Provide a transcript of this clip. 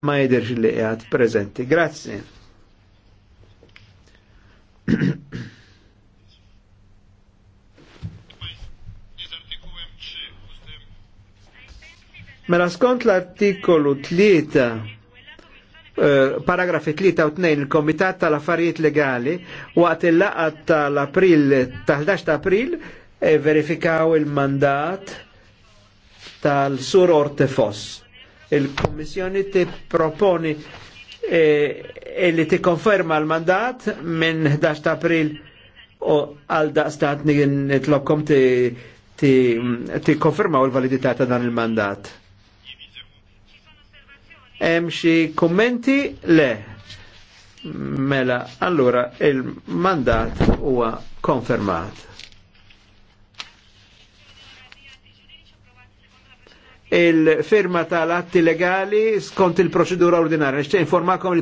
ma jidirx li għad prezenti. Grazzi. mela skont l-artikolu 3, eh, paragrafi 3 u 2, il-Komitat tal-Affarijiet Legali waqt il-laqat tal-April, tal-11 ta' April, e verifikaw il-mandat tal-Sur Ortefoss Il-Kommissjoni ti proponi e eh, li konferma l-mandat minn 11 ta' April u għal daqstat konferma u il-validità ta' dan il-mandat. Hemm xi Le. Mela, Allora il-mandat huwa konfermat. il-firma tal-atti legali skont il-proċedura ordinarja. Nixtieq informakom